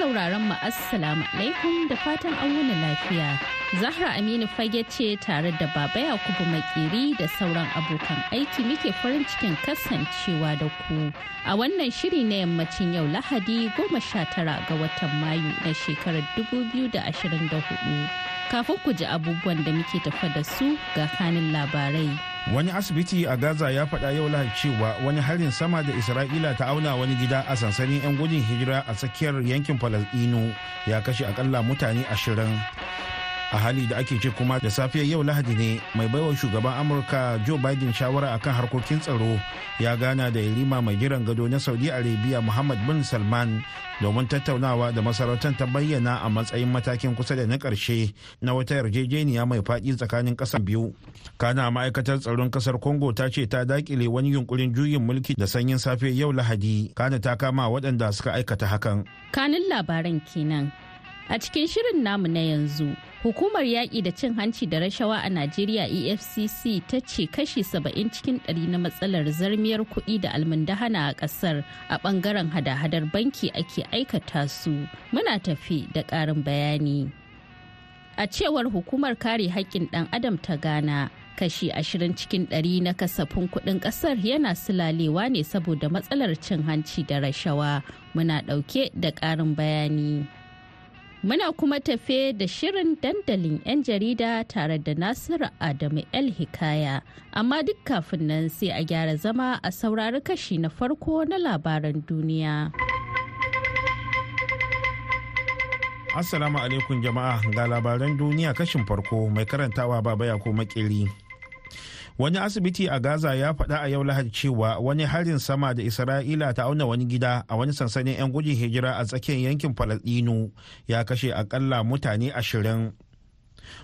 sauraron mu assalamu alaikum da fatan an wani lafiya. Zahra Aminu fage ce tare da Baba Yakubu Makiri da sauran abokan aiki muke farin cikin kasancewa da ku. A wannan shiri na yammacin yau Lahadi goma sha tara ga watan Mayu na shekarar 2024. Kafin ku ji abubuwan da muke tafa da su ga kanin labarai. wani asibiti a gaza ya faɗa yau lahadi cewa wani harin sama da isra'ila ta auna wani gida a sansanin 'yan gudun hijira a tsakiyar yankin falasɗinu ya kashe akalla mutane ashirin a hali da ake ce kuma da safiyar yau lahadi ne mai baiwa shugaban amurka joe biden shawara akan harkokin tsaro ya gana da yarima mai jiran gado na saudi arabia muhammad bin salman domin tattaunawa da masarautar ta bayyana a matsayin matakin kusa da na karshe na wata yarjejeniya mai faɗi tsakanin ƙasar biyu kana ma'aikatar tsaron ƙasar congo ta ce ta dakile wani yunkurin juyin mulki da sanyin safiyar yau lahadi kana ta kama waɗanda suka aikata hakan kanin labaran kenan A cikin shirin namu na yanzu, hukumar yaƙi da cin hanci da rashawa a Najeriya EFCC ta ce kashi 70 cikin ɗari na matsalar zarmiyar kuɗi da almundahana a ƙasar a ɓangaren hada-hadar banki ake aikata su. Muna tafi da ƙarin bayani. A cewar hukumar kare haƙƙin ɗan adam ta Ghana, kashi 20 cikin 100 na kasafin kuɗin ƙasar yana sulalewa ne saboda matsalar cin hanci da rashawa. Muna ɗauke da ƙarin bayani. Muna kuma tafe da shirin dandalin 'yan jarida tare da Nasiru Adamu El Hikaya. Amma duk kafin nan sai a gyara zama a saurari kashi na farko na labaran duniya. Assalamu alaikum jama'a ga labaran duniya kashin farko mai karantawa baba ya ko makili. wani asibiti a gaza ya faɗa a yau lahadi cewa wani harin sama da isra'ila ta auna wani gida a wani sansanin 'yan gudun hijira a tsakiyar yankin falasɗinu ya kashe akalla mutane ashirin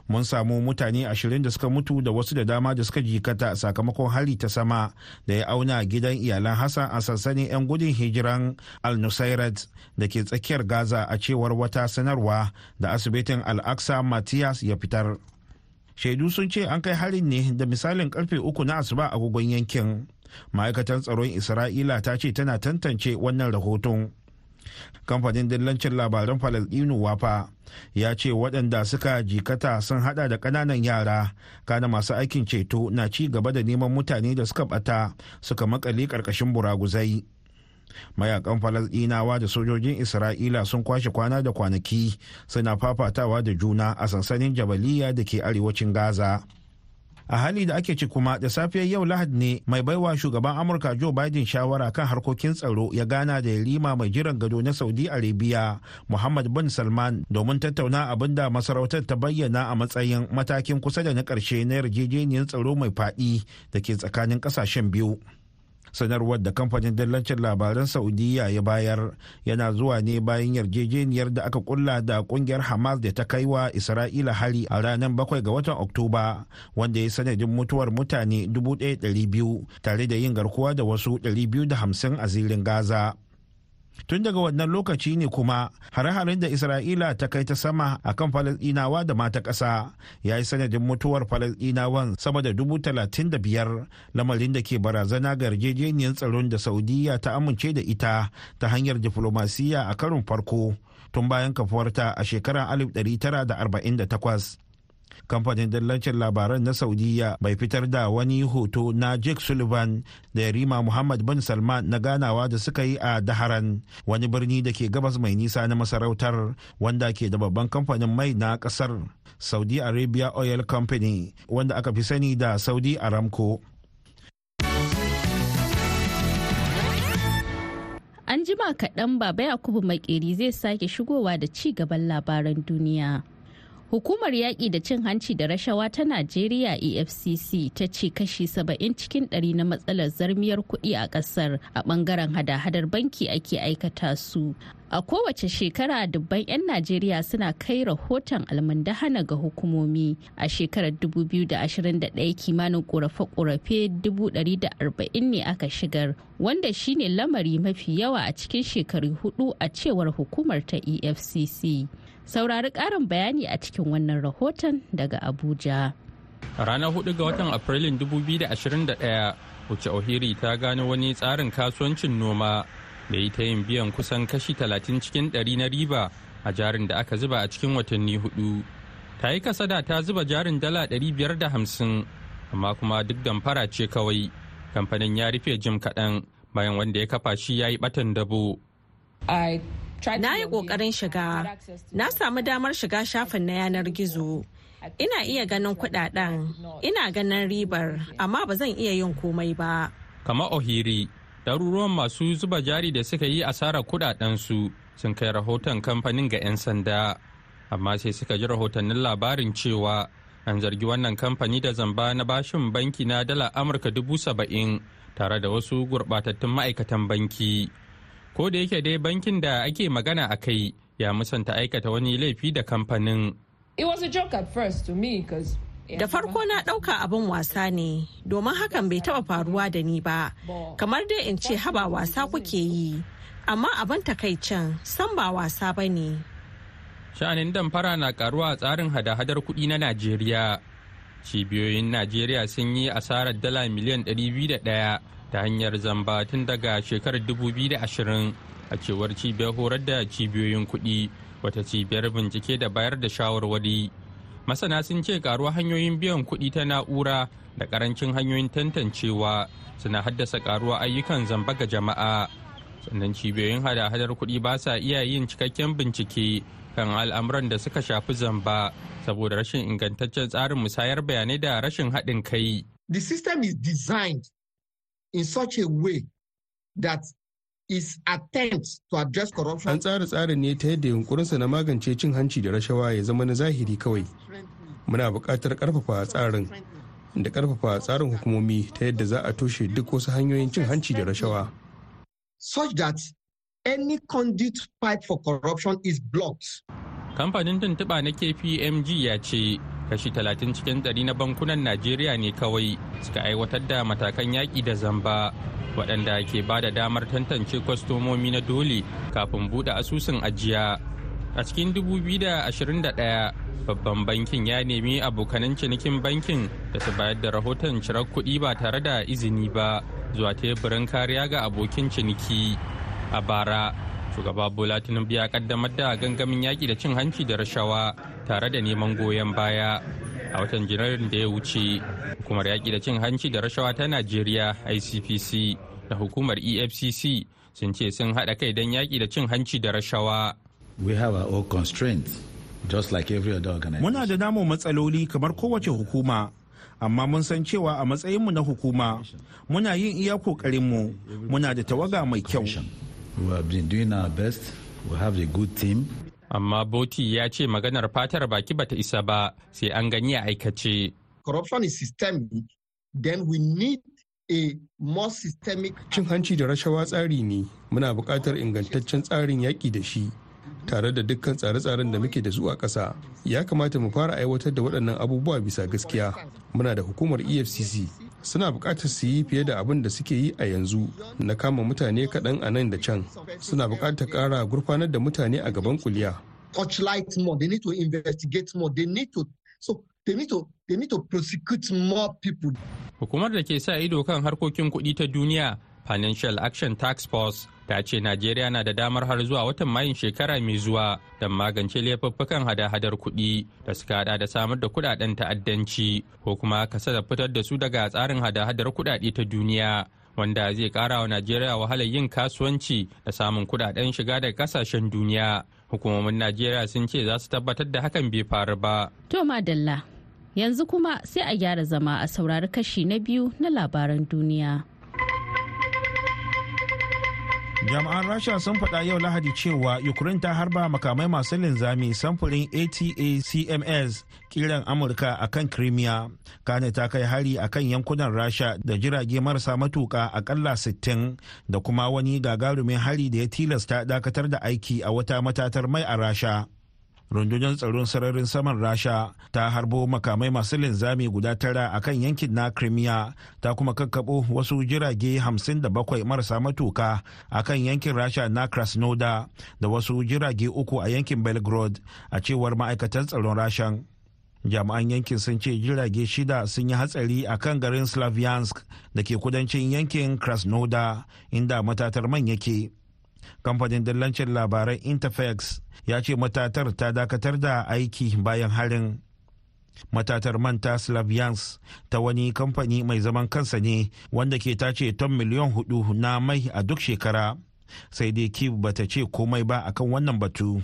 mun samu mutane ashirin da suka mutu da wasu da dama da suka jikata sakamakon hari ta sama da ya auna gidan iyalan hassan a sansanin 'yan gudun hijiran al nusairat da ke tsakiyar gaza a cewar wata sanarwa da asibitin al-aqsa matthias ya fitar shaidu sun ce an kai harin ne da misalin karfe uku na asuba a agogon yankin ma'aikatan tsaron isra'ila ta ce tana tantance wannan rahoton kamfanin dillancin labaran falasdinu wafa ya ce waɗanda suka jikata sun hada da ƙananan yara kana masu aikin ceto na ci gaba da neman mutane da suka ɓata suka makale ƙarƙashin buraguzai mayakan falasdinawa da sojojin isra'ila sun kwashe kwana da kwanaki suna fafatawa da juna a sansanin jabaliya da ke arewacin gaza a hali da ake ci kuma da safiyar yau lahad ne mai baiwa shugaban amurka joe biden shawara kan harkokin tsaro ya gana da yarima mai jiran gado na saudi arabia muhammad bin salman domin tattauna abin da masarautar ta bayyana a matsayin matakin kusa da na karshe na yarjejeniyar tsaro mai faɗi da ke tsakanin ƙasashen biyu sanarwar da kamfanin dillancin labaran saudiya ya bayar yana zuwa ne bayan yarjejeniyar da aka kulla da kungiyar hamas da ta kai wa isra'ila hari a ranar 7 ga watan oktoba wanda ya sanadin mutuwar mutane 1200 tare da yin garkuwa da wasu 250 a zirin gaza tun daga wannan lokaci ne kuma hare-haren da isra'ila ta kai ta sama a kan falasdinawa da mata ƙasa ya yi sanadin mutuwar falasdinawan sama da dubu talatin da biyar lamarin da ke barazana ga yarjejeniyar tsaron da saudiya ta amince da ita ta hanyar diflomasiyya a karin farko tun bayan kafuwarta a shekarar 1948 kamfanin dallancin labaran na saudiya bai fitar da wani hoto na jake sullivan da yarima muhammad bin salman na ganawa da suka yi a daharan wani birni da ke gabas mai nisa na masarautar wanda ke da babban kamfanin mai na kasar saudi arabia oil company wanda aka fi sani da saudi aramco an jima kaɗan baba yakubu makeri zai sake shigowa da ci gaban labaran duniya Hukumar yaƙi da cin hanci da rashawa ta Najeriya EFCC ta ce kashi 70 cikin ɗari na matsalar zarmiyar kuɗi a ƙasar a ɓangaren hada-hadar banki ake aikata su. A kowace shekara dubban 'yan Najeriya suna kai rahoton almundahana ga hukumomi. A shekarar 2021 kimanin ƙorafe-ƙorafe 140 ne aka shigar, wanda shine lamari mafi yawa a cikin shekaru hudu a cewar hukumar ta EFCC. Saurari karin bayani a cikin wannan rahoton daga Abuja. Ranar 4 ga watan Afrilun 2021, wuce Ohiri ta gano wani tsarin kasuwancin noma da ta yin biyan kusan kashi 30 cikin 100 na riba a jarin da aka zuba a cikin watanni hudu. Ta yi kasada ta zuba jarin dala 550, amma kuma duk damfara ce kawai. Kamfanin ya rufe jim kaɗan bayan wanda ya kafa shi ya yi batan dabo. Na yi ƙoƙarin shiga, na samu damar shiga shafin na yanar gizo. Ina iya ganin kudaden, ina ganin ribar, amma ba zan iya yin komai ba. Kama Ohiri, ɗaruruwan masu zuba jari da suka yi asarar su sun kai rahoton kamfanin ga 'yan sanda, amma sai suka ji rahotannin labarin cewa an zargi wannan kamfani da zamba na bashin banki na dala Amurka dubu saba'in tare da wasu gurɓatattun ma'aikatan banki. ko da yake dai bankin da ake magana a kai ya musanta aikata wani laifi da kamfanin Da farko na ɗauka abin wasa ne, domin hakan bai taɓa faruwa da ni ba, kamar dai in ce haba wasa kuke yi, amma abin takaicin san ba wasa ba ne. Sha'anin damfara na karuwa a tsarin hada-hadar kuɗi na Najeriya. Cibiyoyin Najeriya sun yi asarar dala miliyan 201 ta hanyar zamba tun daga shekarar 2020 a cewar cibiyar horar da cibiyoyin kuɗi wata cibiyar bincike da bayar da shawarwari masana sun ce karuwar hanyoyin biyan kuɗi ta na'ura da karancin hanyoyin tantancewa suna haddasa karuwar ayyukan zamba ga jama'a sannan cibiyoyin hada-hadar kuɗi ba sa iya yin cikakken bincike kan al'amuran da suka shafi zamba saboda rashin ingantaccen tsarin musayar bayanai da rashin haɗin kai. The system is designed in such a way that is attempts to address corruption. An tsara tsarin ne ta yadda yunkurinsa na magance cin hanci da rashawa ya zama na zahiri kawai. Muna buƙatar ƙarfafa tsarin da ƙarfafa tsarin hukumomi ta yadda za a toshe duk wasu hanyoyin cin hanci da rashawa. Such that any conduit pipe for corruption is blocked. Kamfanin tuntuɓa na KPMG ya ce kashi 30 cikin ɗari na bankunan najeriya ne kawai suka aiwatar da matakan yaƙi da zamba waɗanda ke ba da damar tantance kwastomomi na dole kafin buɗe asusun ajiya a cikin 2021 babban bankin ya nemi abokanan cinikin bankin da su bayar da rahoton cirar kuɗi ba tare da izini ba zuwa teburin kariya ga abokin ciniki a bara shugaba bola tinubu ya kaddamar da gangamin yaƙi da cin hanci da rashawa tare da neman goyon baya a watan janairun da ya wuce hukumar yaƙi da cin hanci da rashawa ta najeriya icpc da hukumar efcc sun ce sun haɗa kai don yaƙi da cin hanci da rashawa we have our own constraints just like every other organization muna da namu matsaloli kamar kowace hukuma amma mun san cewa a matsayinmu na hukuma muna yin iya mu muna da tawaga mai kyau we have been doing our best we have a good team amma boti ya ce maganar fatar baki bata isa ba sai an gani a aikace corruption is systemic then we need a more systemic cin hanci da rashawa tsari ne muna buƙatar ingantaccen tsarin yaƙi da shi tare da dukkan tsare-tsaren da muke da su a ƙasa ya kamata mu fara aiwatar da waɗannan abubuwa bisa gaskiya muna da hukumar efcc suna bukatar su yi fiye da abin da suke yi a yanzu na kama mutane kaɗan a nan da can suna bukatar ƙara gurfanar da mutane a gaban kuliya. Hukumar da ke sa ido kan harkokin kuɗi ta duniya Financial Action Task Force ta ce najeriya na da damar har zuwa watan mayin shekara mai zuwa don magance laifuffukan hada-hadar kuɗi da suka hada da samar da kuɗaɗen ta'addanci ko kuma kasa da fitar da su daga tsarin hada-hadar kuɗaɗe ta duniya wanda zai kara wa najeriya wahalar yin kasuwanci da samun kuɗaɗen shiga daga kasashen duniya hukumomin najeriya sun ce za su tabbatar da hakan bai faru ba to madalla yanzu kuma sai a gyara zama a saurari kashi na biyu na labaran duniya jami'an rasha sun faɗa yau lahadi cewa ukraine ta harba makamai masu linzami samfurin atacms kiran amurka a kan crimea kane ta kai hari a kan yankunan rasha da jirage marasa matuka akalla 60 da kuma wani gagarumin hari da ya tilasta dakatar da aiki a wata matatar mai a rasha rundunar tsaron sararin saman rasha ta harbo makamai masu linzami guda tara a kan yankin na crimea ta kuma kakkaɓo wasu jirage 57 marasa matuka a kan yankin rasha na krasnoda da wasu jirage uku a yankin belgrade a cewar ma'aikatan tsaron rashan jami'an yankin sun ce jirage shida sun yi hatsari a kan garin slavyansk da ke kudancin yankin krasnoda inda matatar man yake. kamfanin dillancin labaran interfax ya ce matatar ta dakatar da aiki bayan harin matatar manta slavians ta wani kamfani mai zaman kansa ne wanda ke tace ton miliyan hudu na mai a duk shekara sai dai kiv bata ce komai ba akan wannan batu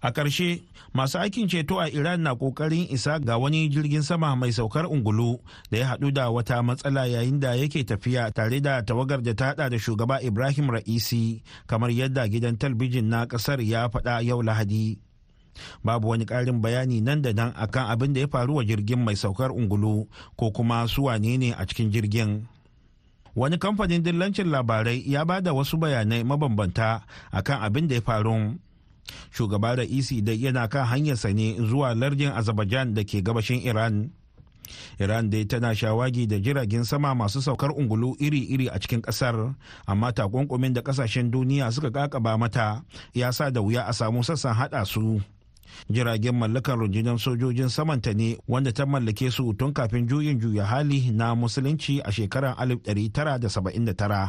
a ƙarshe masu aikin ceto a iran na ƙoƙarin isa ga wani jirgin sama mai saukar ungulu da ya haɗu da wata matsala yayin da yake tafiya tare da tawagar da ta haɗa da shugaba ibrahim ra'isi kamar yadda gidan talbijin na ƙasar ya faɗa yau lahadi babu wani ƙarin bayani nan da nan akan abin da ya faru wa jirgin mai saukar ungulu ko kuma su wane ne a cikin jirgin wani kamfanin dillancin labarai ya bada wasu bayanai mabambanta akan abin da ya faru shugaba da ra'isi e da yana kan hanyarsa ne zuwa lardin azerbaijan da ke gabashin iran iran dai tana shawagi da jiragen sama masu saukar ungulu iri-iri a cikin kasar amma takunkumin da kasashen duniya suka kakaba mata ya sa da wuya a samu sassan hada su jiragen mallakar rundunar sojojin samanta ne wanda ta mallake su tun kafin juyin juya hali na musulunci a shekarar 1979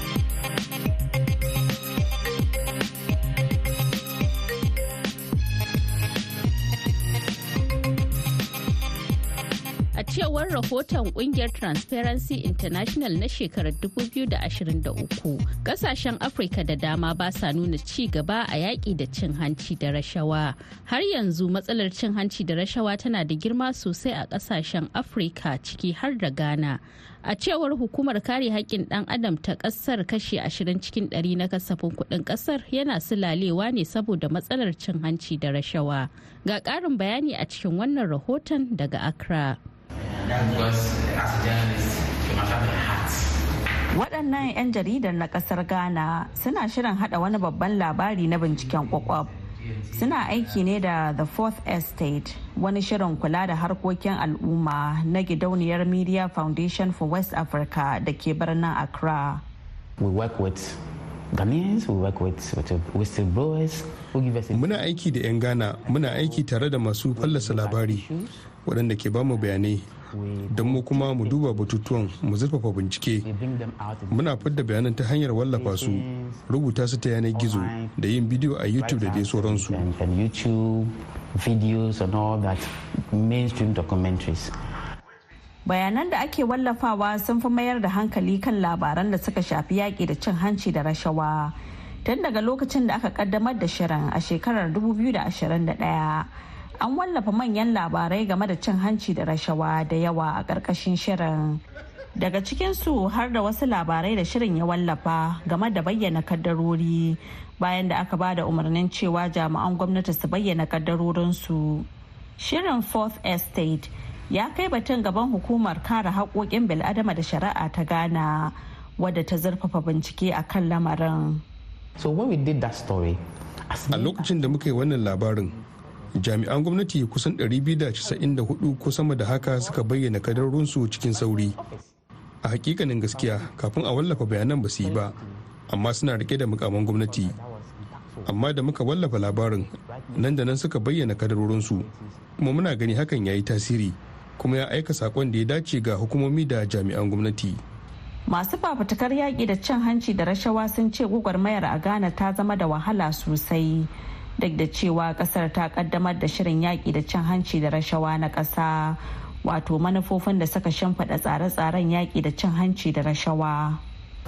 cewar rahoton kungiyar transparency international na shekarar 2023 kasashen afirka da dama ba sa nuna ci gaba a yaƙi da cin hanci da rashawa har yanzu matsalar cin hanci da rashawa tana da girma sosai a kasashen afirka ciki har da ghana a cewar hukumar kare haƙƙin ɗan adam ta ƙasar kashe 20 cikin 100 na kasafin kuɗin ƙasar yana sulalewa ne saboda matsalar cin hanci da rashawa ga ƙarin bayani a cikin wannan rahoton daga accra waɗannan 'yan jaridar na ƙasar ghana suna shirin hada wani babban labari na binciken kwakwab suna aiki ne da the fourth estate wani shirin kula da harkokin al'umma na gidauniyar media foundation for west africa da ke birnin accra we work with Ghanaians, we work with whistleblowers. Muna aiki da 'yan Ghana, muna aiki tare da masu fallasa labari. waɗanda ke bamu bayanai don mu kuma mu duba batutuwan mu zurfafa bincike muna fidda bayanan ta hanyar wallafa su rubuta su ta yanar gizo da yin bidiyo a youtube da dai sauransu bayanan da ake wallafawa sun fi mayar da hankali kan labaran da suka shafi yaƙi da cin hanci da rashawa tun daga lokacin da aka kaddamar da shirin a shekarar 2021 an wallafa manyan labarai game da cin hanci da rashawa da yawa a ƙarƙashin shirin daga cikin su har da wasu labarai da shirin ya wallafa game da bayyana kaddarori bayan da aka ba da umarnin cewa jami'an gwamnati su bayyana kaddarorinsu shirin fourth estate ya kai batun gaban hukumar kare haƙoƙin bil'adama da shari'a ta ghana wadda ta zurfafa bincike a kan lamarin a lokacin da muka yi wannan labarin jami'an gwamnati kusan 294 ko sama da haka suka bayyana su cikin sauri a hakikanin gaskiya kafin a wallafa bayanan ba su yi ba amma suna rike da mukamman gwamnati amma da muka wallafa labarin nan da nan suka bayyana su kuma muna gani hakan ya yi tasiri kuma ya aika sakon da ya dace ga hukumomi da jami'an gwamnati masu fafutukar yaƙi da cin hanci da rashawa sun ce mayar a ghana ta zama da wahala sosai duk da cewa kasar ta kaddamar da shirin yaƙi da cin hanci da rashawa na ƙasa wato manufofin da suka shimfiɗa tsare-tsaren yaƙi da cin hanci da rashawa.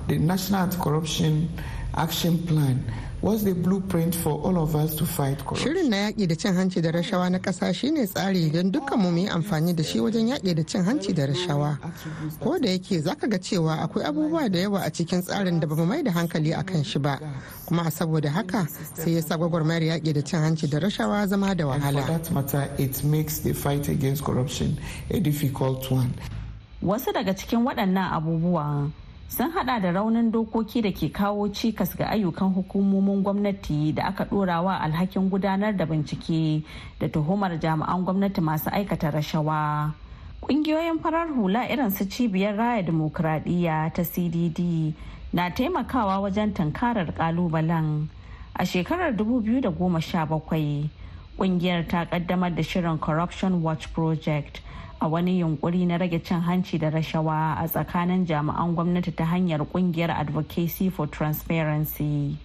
The National Corruption action plan what's the blueprint for all of us to fight corruption shirin na yaƙi da cin hanci da rashawa na ƙasa shine tsari don dukkan mu yi amfani da shi wajen yaƙi da cin hanci da rashawa ko da yake zaka ga cewa akwai abubuwa da yawa a cikin tsarin da bamu mai da hankali akan shi ba kuma saboda haka sai ya sa gwagwarmayar yaƙi da cin hanci da rashawa zama da wahala it makes the a wasu daga cikin waɗannan abubuwa. sun hada da raunin dokoki da ke kawo cikas ga ayyukan hukumomin gwamnati da aka wa alhakin gudanar da bincike da tuhumar jami'an gwamnati masu aikata rashawa kungiyoyin farar hula irin su cibiyar raya dimokuraɗiyya ta cdd na taimakawa wajen tankarar kalubalen a shekarar 2017 kungiyar ta kaddamar da shirin corruption watch project a wani yunkuri na rage cin hanci da rashawa a tsakanin jami'an gwamnati ta hanyar kungiyar advocacy for transparency.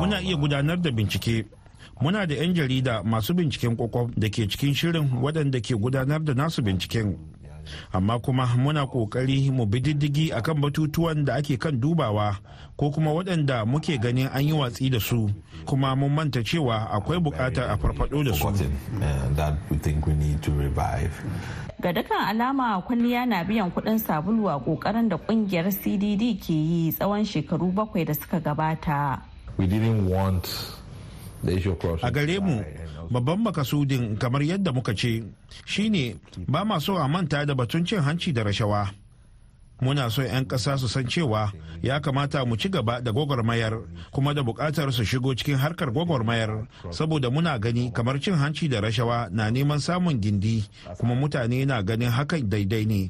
Muna iya gudanar da bincike muna da 'yan jarida masu binciken kwakwa da ke cikin shirin waɗanda ke gudanar da nasu binciken amma kuma muna kokari mu bi diddigi akan batutuwan da ake kan dubawa ko kuma waɗanda muke ganin an yi watsi da su kuma mun manta cewa akwai buƙatar a farfado da su uh, ga dukkan alama kwalliya na biyan kuɗin sabulu a kokarin da kungiyar cdd ke yi tsawon shekaru bakwai da suka gabata we didn't want a gare mu babban makasudin kamar yadda muka ce shine ba ma so a manta da batun cin hanci da rashawa muna so 'yan ƙasa su san cewa ya kamata mu ci gaba da gwagwarmayar kuma da buƙatar su shigo cikin harkar gwagwarmayar saboda muna gani kamar cin hanci da rashawa na neman samun gindi kuma mutane na ganin hakan daidai ne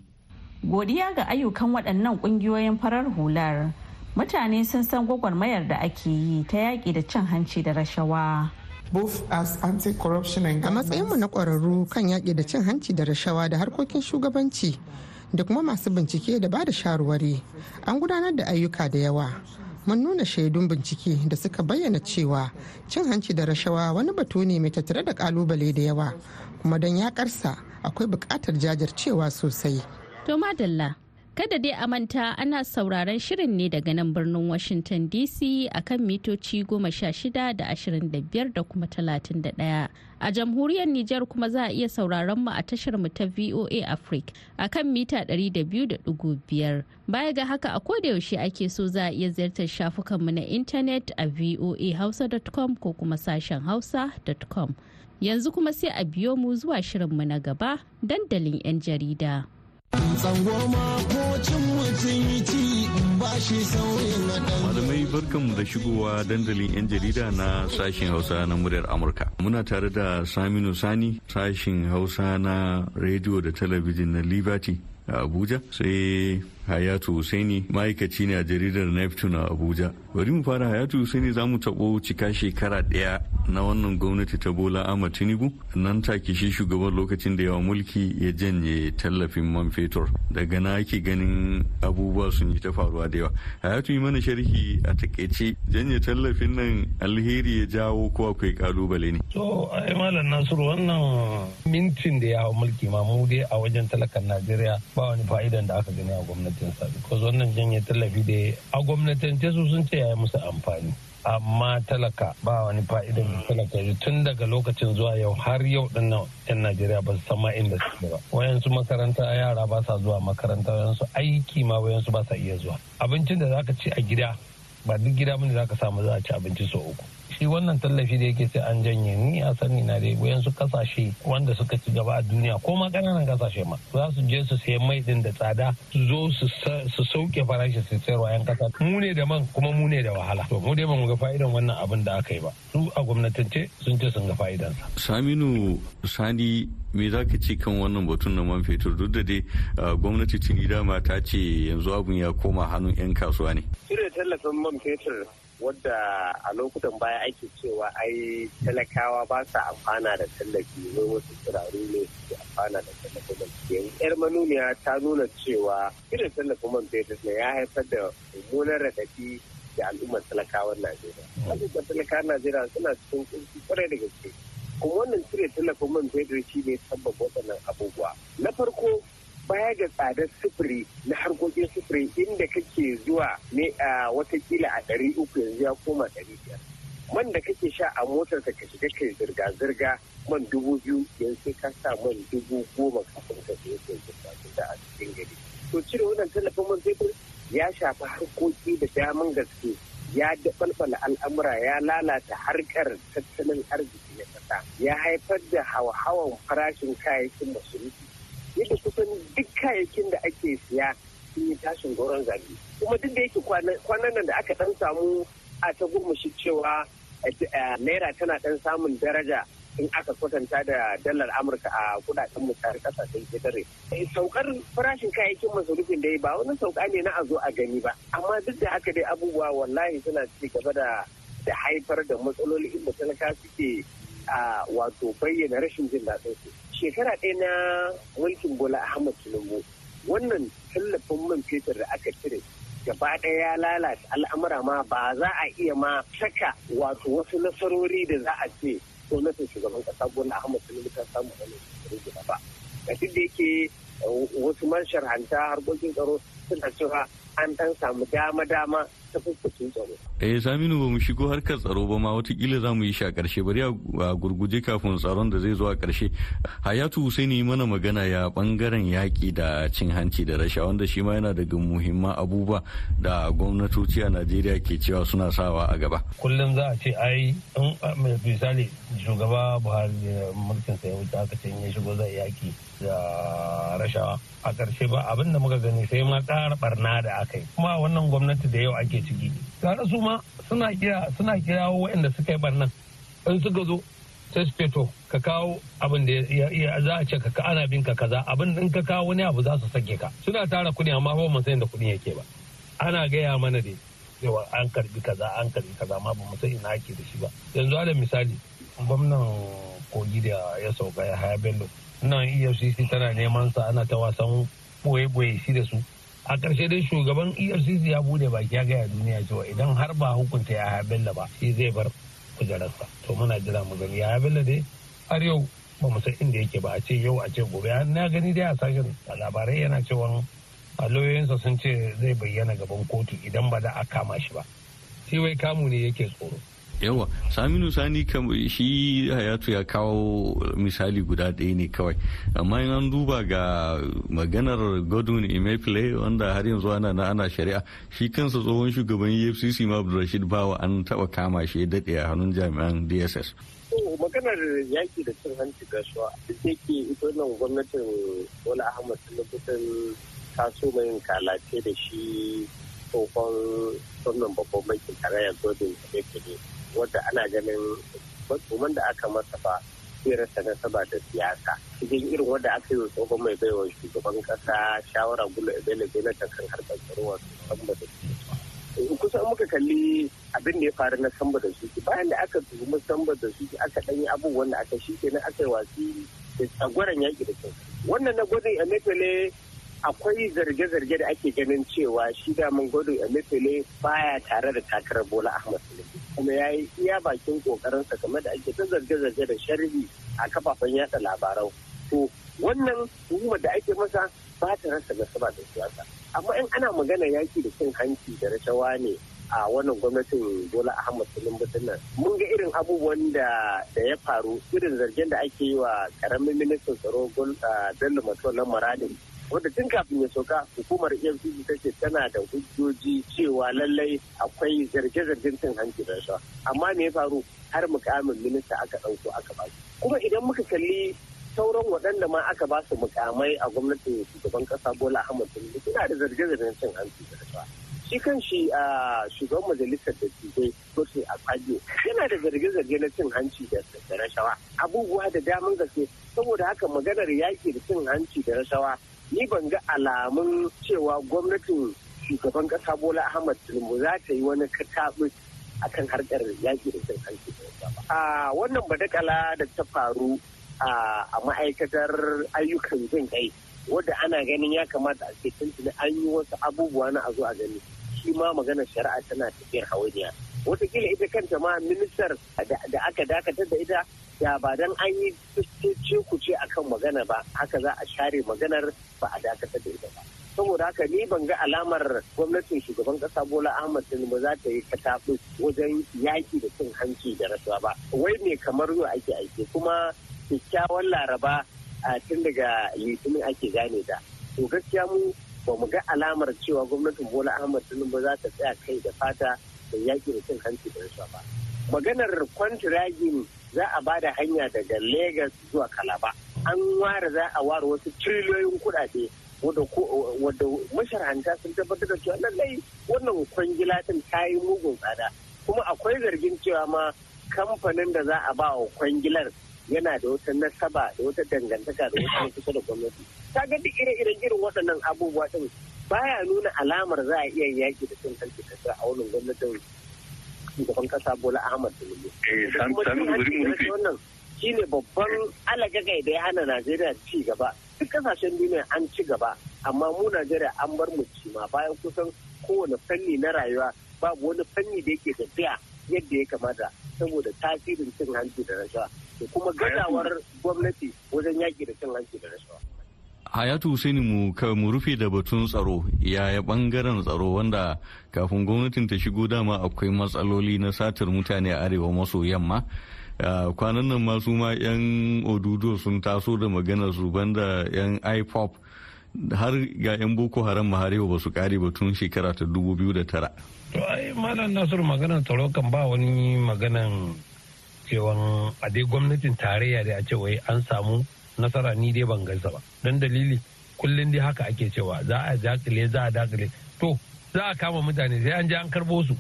godiya ga ayyukan waɗannan ƙungiyoyin farar hular mutane sun san gwagwarmayar da ake yi ta yaƙi da cin hanci da rashawa. A matsayinmu na ƙwararru kan yaƙi da cin hanci da rashawa da harkokin shugabanci da kuma masu bincike da ba da shawarwari an gudanar da ayyuka da yawa. Mun nuna shaidun bincike da suka bayyana cewa cin hanci da rashawa wani batu ne mai tattare da kalubale da yawa kuma don yakarsa akwai buƙatar jajircewa sosai. To madalla Kada dai a manta ana sauraron shirin ne daga nan birnin Washington DC akan mitoci goma sha shida da ashirin da biyar da kuma talatin da ɗaya. A jamhuriyar Nijar kuma za a iya sauraron mu a tashar mu ta VOA Africa akan mita ɗari da biyu da ɗigo biyar. Baya ga haka a yaushe ake so za a iya ziyartar shafukanmu na intanet a voahausa.com ko kuma sashen hausa.com. Yanzu kuma sai a biyo mu zuwa shirin mu na gaba dandalin 'yan jarida. Malamai barkanmu da shigowa dandalin 'yan jarida na sashen Hausa na muryar Amurka. Muna tare da Saminu Sani sashen Hausa na rediyo da talabijin na Liberty a Abuja sai Hayatu Husaini ma'aikaci ne a jaridar Neptune a Abuja. Bari mu fara Hayatu Husaini za mu taɓo cika shekara ɗaya na wannan gwamnati ta bola ahmad tinubu nan take shi shugaban lokacin da yawa mulki ya janye tallafin man fetur daga na ake ganin abubuwa sun yi ta faruwa da yawa hayatu yi mana sharhi a takaice janye tallafin nan alheri ya jawo ko akwai kalubale ne to ai malam nasiru wannan mintin da yawa mulki ma mu dai a wajen talakan najeriya ba wani fa'idan da aka gani a gwamnatin sa wannan janye tallafi da a gwamnatin su sun ce ya musu amfani amma talaka ba wani fa'idar da talaka ya tun daga lokacin zuwa yau har yau din nan yan najeriya ba su san ma inda suke ba wayansu makaranta yara ba sa zuwa makaranta wayansu aiki ma wayansu ba sa iya zuwa abincin da za ka ci a gida ba duk gida bane za ka samu za a ci abinci sau uku shi wannan tallafi da yake sai an janye ni a sani na dai su kasashe wanda suka ci gaba a duniya ko ma kananan kasashe ma za su je su sayi mai din da tsada su zo su sauke farashi su sayarwa yan kasa mu ne da man kuma mu ne da wahala to mu dai ba mu ga fa'idan wannan abin da aka yi ba su a gwamnatance sun ce sun ga fa'idansa saminu sani me za ka ce kan wannan batun na man fetur duk da dai gwamnati tuni dama ta ce yanzu abun ya koma hannun 'yan kasuwa ne. Cire tallafin man fetur wadda a lokutan baya ake cewa ai talakawa ba sa amfana da tallafi ne wasu turare ne suke amfana da tallafin man fetur. Yar manuniya ta nuna cewa shirya tallafin man fetur ne ya haifar da mummunan radadi da al'ummar talakawan Najeriya. Al'ummar talakawan Najeriya suna cikin kunci kwarai da gaske. kuma wannan cire tallafin man fetur shi ne sabbin waɗannan abubuwa na farko baya ga tsadar sufuri na harkokin sufuri inda kake zuwa ne a watakila a ɗari uku yanzu ya koma ɗari biyar man da kake sha a motar ka shiga kai zirga-zirga man dubu biyu yanzu sai ka sa man dubu goma kafin ka je kai zirga-zirga a cikin gari to cire wannan tallafin man fetur ya shafi harkoki da daman gaske ya dabalbala al'amura ya lalata harkar tattalin arziki na kasa ya haifar da hauhawan farashin kayayyakin masarufi yadda kusan duk kayayyakin da ake siya sun yi tashin goron zabi kuma duk da yake kwanan nan da aka dan samu a ta gurmushi cewa eh, eh, naira tana dan samun daraja in aka kwatanta da dalar amurka a kudaden mu kasashen ƙetare eh, saukar farashin kayayyakin masarufin dai ba wani sauka ne na a zo a gani ba amma duk da haka dai abubuwa wallahi suna ci gaba da da haifar da matsaloli da talaka suke a wato bayyana rashin jin daɗin su shekara ɗaya na mulkin bola ahmad tinubu wannan tallafin man fetur da aka cire gaba ɗaya ya lalata al'amura ma ba za a iya ma saka wato wasu nasarori da za a ce gwamnatin shugaban kasa gwamna ahmad tinubu ta samu wani rigima ba ga duk da yake eh, wasu man sharhanta harkokin tsaro suna cewa an dan samu dama dama ta tsaro. Eh Saminu ba mu shigo harkar tsaro ba ma watakila za mu yi shi a ƙarshe bari a gurguje kafin tsaron da zai zo a ƙarshe. Hayatu Husaini mana magana ya bangaren yaƙi da cin hanci da rasha wanda shi ma yana daga muhimman abubuwa da gwamnatoci a Najeriya ke cewa suna sawa a gaba. Kullum za a ce ai in misali shugaba Buhari eh, mulkin sa ya wuce aka ce in ya shigo za yaƙi da rashawa a ƙarshe ba abin da muka gani sai ma ƙara barna da aka yi kuma wannan gwamnati da yau ake ciki tare su ma suna kira suna kirawo waɗanda suka yi barnan in suka zo sai su feto ka kawo abin da za a ce ka ana bin ka kaza abin in ka kawo wani abu za su sake ka suna tara kuɗi amma ba mu san da kuɗin yake ba ana gaya mana da cewa an karbi kaza an karbi kaza amma ba mu san ina ake da shi ba yanzu alal misali gwamnan kogi da ya sauka ya haya bello nan efcc tana neman sa ana ta wasan boye-boye shi da su a ƙarshe dai shugaban efcc ya bude baki ya gaya duniya cewa idan har ba hukunta ya bello ba shi zai bar kujerarsa to muna jira mu gani ya bello dai har yau ba mu san inda yake ba a ce yau a ce gobe na gani dai a sashen labarai yana cewa lauyoyinsa sun ce zai bayyana gaban kotu idan ba za a kama shi ba shi wai kamu ne yake tsoro yawa saminu sani shi hayatu ya kawo misali guda ɗaya ne kawai amma in an duba ga maganar godwin emefiele wanda har yanzu ana na ana shari'a shi kansa tsohon shugaban efcc ma rashid bawa an taba kama shi ya daɗe a hannun jami'an dss maganar yaki da cin hanci gashuwa ke yake ito nan gwamnatin wani ahmad tinubu ta so mai kalace da shi tsohon sannan babban bankin tarayya gordon da ne wadda ana ganin batsuman da aka masa ba sai rasa nasaba da siyasa cikin irin wanda aka yi tsohon mai baiwa shugaban kasa shawara gula ebele na kan harkar tsaro samba da su kusan muka kalli abin da ya faru na samba da su bayan da aka tuhumi samba da su aka ɗanyi abubuwan da aka shi kenan aka yi watsi da yaƙi da kyau wannan na gwajin emefele akwai zarge-zarge da ake ganin cewa shi damun gado emefele baya tare da takarar bola ahmad kuma ya yi iya bakin kokarin sa game da ake ta zarge-zarge da sharhi a kafafen yatsa labarau to wannan tuhuma da ake masa ba ta rasa saba da siyasa amma in ana magana yaki da cin hanci da rashawa ne a wannan gwamnatin bola ahmad tinubu nan mun ga irin abubuwan da ya faru irin zargen da ake yi wa karamin ministan tsaro ah, bello matuwa na muradin wanda tun kafin ya sauka hukumar EFCC ta ce tana da hujjoji cewa lallai akwai zarge-zargen cin hanci da rashawa amma me ya faru har mukamin minista aka ɗauko aka ba kuma idan muka kalli sauran waɗanda ma aka ba su mukamai a gwamnatin shugaban ƙasa Bola Ahmed Tinubu suna da zarge-zargen cin hanci da rashawa shi kan shi a shugaban majalisar da zai sosai a kwajo yana da zarge-zarge na cin hanci da rashawa abubuwa da daman gaske saboda haka maganar yaƙi da cin hanci da rashawa ni ban ga alamun cewa gwamnatin shugaban kasa bola ahmad tinubu za ta yi wani kataɓi a kan harkar yaƙi da cin a wannan badakala da ta faru a ma'aikatar ayyukan jin kai wadda ana ganin ya kamata a ce tuni an yi wasu abubuwa na a zo a gani shi ma maganar shari'a tana tafiyar hawainiya Wataƙila ita kanta ma ministar da aka dakatar da ita da ba dan an yi ce kan magana ba haka za a share maganar ba a dakatar da ita ba saboda haka ni ban ga alamar gwamnatin shugaban kasa bola ahmad tinubu za ta yi katafi wajen yaki da cin hanci da rasuwa ba wai me kamar yau ake aiki kuma kyakkyawan laraba a tun daga litinin ake gane da to gaskiya mu ba mu ga alamar cewa gwamnatin bola ahmad tinubu za ta tsaya kai da fata da yaki da cin hanci da rasuwa ba maganar kwantiragin za a ba da hanya daga Legas zuwa Kalaba. An ware za a ware wasu triliyoyin kuɗaɗe wadda masharhanta sun tabbatar da cewa lallai wannan kwangila ɗin ta yi mugun tsada. Kuma akwai zargin cewa ma kamfanin da za a ba wa kwangilar yana da wata nasaba da wata dangantaka da wata kusa da gwamnati. Ta ga duk ire-iren irin waɗannan abubuwa ɗin baya nuna alamar za a iya yaki da cin hanci a wannan gwamnatin shugaban kasa bola ahmad tinubu eh san shine babban alagagai da ya hana najeriya ci gaba duk kasashen duniya an ci gaba amma mu najeriya an bar mu ci ma bayan kusan kowane fanni na rayuwa babu wani fanni da yake tafiya yadda ya kamata saboda tasirin cin hanci da rashawa da kuma gazawar gwamnati wajen yaƙi da cin hanci da rashawa hayatu sini mu ka mu rufe da batun tsaro yaya bangaren tsaro wanda kafin gwamnatin ta shigo dama akwai matsaloli na satar mutane a arewa maso yamma kwanan nan masu ma 'yan odudo sun taso da magana su banda 'yan ipop har ga 'yan boko haram maharewa ba su kare ba tun shekara ta tara. to ai malam nasiru maganar tsaro kan ba wani maganan cewa a dai gwamnatin tarayya da a ce wai an samu nasara ni dai ban gaisa ba don dalili kullum dai haka ake cewa za a dakile za a dakile to za a kama mutane sai an je an karbo su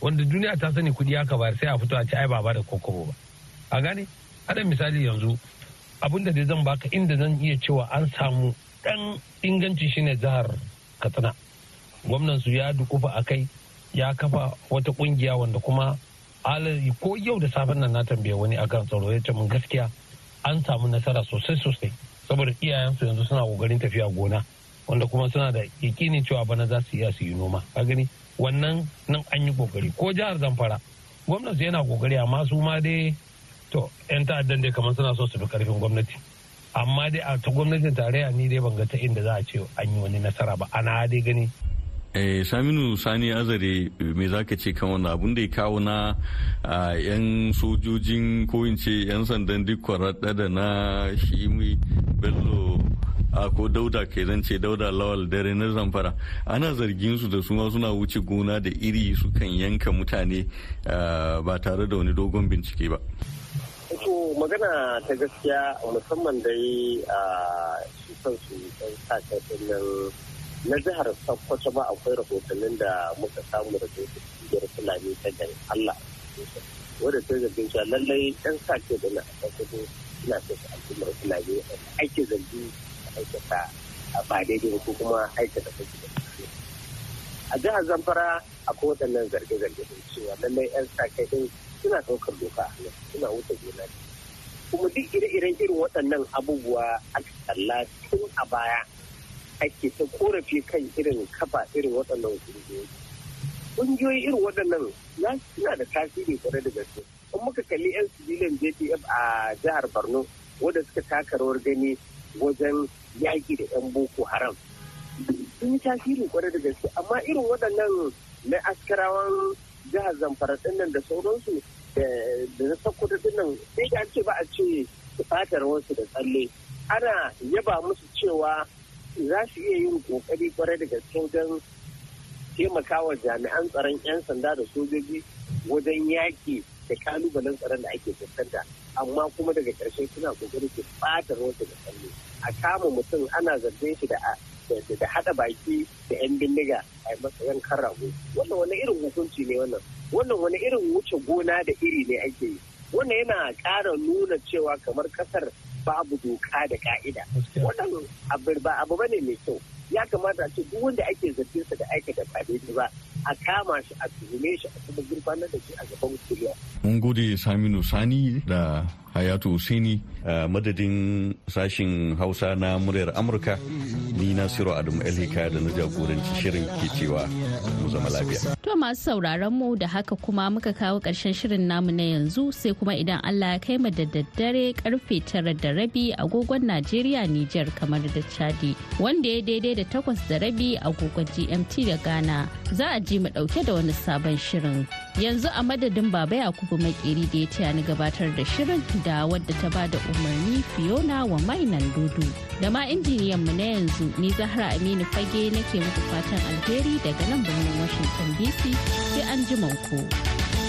wanda duniya ta sani kuɗi haka ba sai a fito a ci ai ba da kokobo ba a gane adam misali yanzu abin da dai zan baka inda zan iya cewa an samu dan inganci shine jihar katsina gwamnan su ya dukufa a kai ya kafa wata kungiya wanda kuma ko yau da safen nan na tambaye wani akan tsaro ya ce mun gaskiya an samu nasara sosai sosai saboda iyayensu yanzu suna kokarin tafiya gona wanda kuma suna da yakinin cewa bana za su iya su yi noma ka gani wannan nan an yi kokari ko jihar zamfara gwamnati yana kokari amma su ma dai to yan ta'addan dai kamar suna so su bi karfin gwamnati amma dai a ta gwamnatin tarayya ni dai ban ga ta inda za a ce an yi wani nasara ba ana dai gani Eh, saminu sani azare me za ka ce kan wani abun da ya kawo na yan sojojin ko in ce yan sandan duk kwaraɗa da na shi bello ko dauda ke zan ce dauda lawal dare na zamfara ana zargin su da su ma suna wuce gona da iri su kan yanka mutane ba tare da wani dogon bincike ba to magana ta gaskiya musamman dai a shi kansu ɗan sa na jihar sokoto ba akwai rahotannin da muka samu da kungiyar fulani ta gari allah wadda ta zargin cewa lallai yan sa ke da na sokoto suna so su al'ummar fulani ake zargi a aikata ba daidai ko kuma aikata kuskure a jihar zamfara akwai waɗannan zarge-zarge da cewa lallai yan sa ke din suna ɗaukar doka a suna wuce gona kuma duk ire-iren irin waɗannan abubuwa a kalla tun a baya ake ta korafi kan irin kafa irin waɗannan ƙungiyoyi. Ƙungiyoyi irin waɗannan na suna da tasiri kwarai da gaske. In muka kalli 'yan sibilan jpf a jihar Borno wanda suka taka rawar gani wajen yaƙi da 'yan Boko Haram. Sun yi tasiri kwarai da gaske amma irin waɗannan na askarawan jihar Zamfara ɗin da sauransu da na Sokoto ɗin nan sai da ce ba a ce su ɓata da tsalle. Ana yaba musu cewa za su iya yin kokari kwarai da gaske wajen taimakawa jami'an tsaron 'yan sanda da sojoji wajen yaki da kalubalen tsaron da ake fuskanta amma kuma daga ƙarshe suna kokari su ɓata da tsalle a kama mutum ana zargin shi da da haɗa baki da 'yan bindiga a matsayin wannan wani irin hukunci ne wannan wannan wani irin wuce gona da iri ne ake yi wannan yana ƙara nuna cewa kamar ƙasar babu doka da ka'ida wannan abu ba abu bane mai kyau ya kamata a ce duk wanda ake zargin sa da aikata ba daidai ba a kama shi a tuhume shi a kuma gurfanar da shi a gaban kuriya. Mun gode Saminu Sani da Hayatu Usini a madadin sashin Hausa na muryar Amurka ni na Nasiru Adamu Elhika da na jagoranci shirin ke cewa mu zama lafiya. masu sauraron mu da haka kuma muka kawo ƙarshen shirin namu na yanzu sai kuma idan Allah ya kai mu da daddare karfe tara da rabi agogon Najeriya Nijar kamar da Chadi wanda ya daidai da takwas da rabi agogon GMT da Ghana za a ji mu ɗauke da wani sabon shirin. Yanzu a madadin Baba Yakubu Makeri da ya taya ni gabatar da shirin da wadda ta ba da umarni Fiona wa mainan dudu da ma injiniyan mu na yanzu ni Zahra Aminu Fage nake muku fatan alheri daga nan birnin Washington DC. 黑安之猛虎。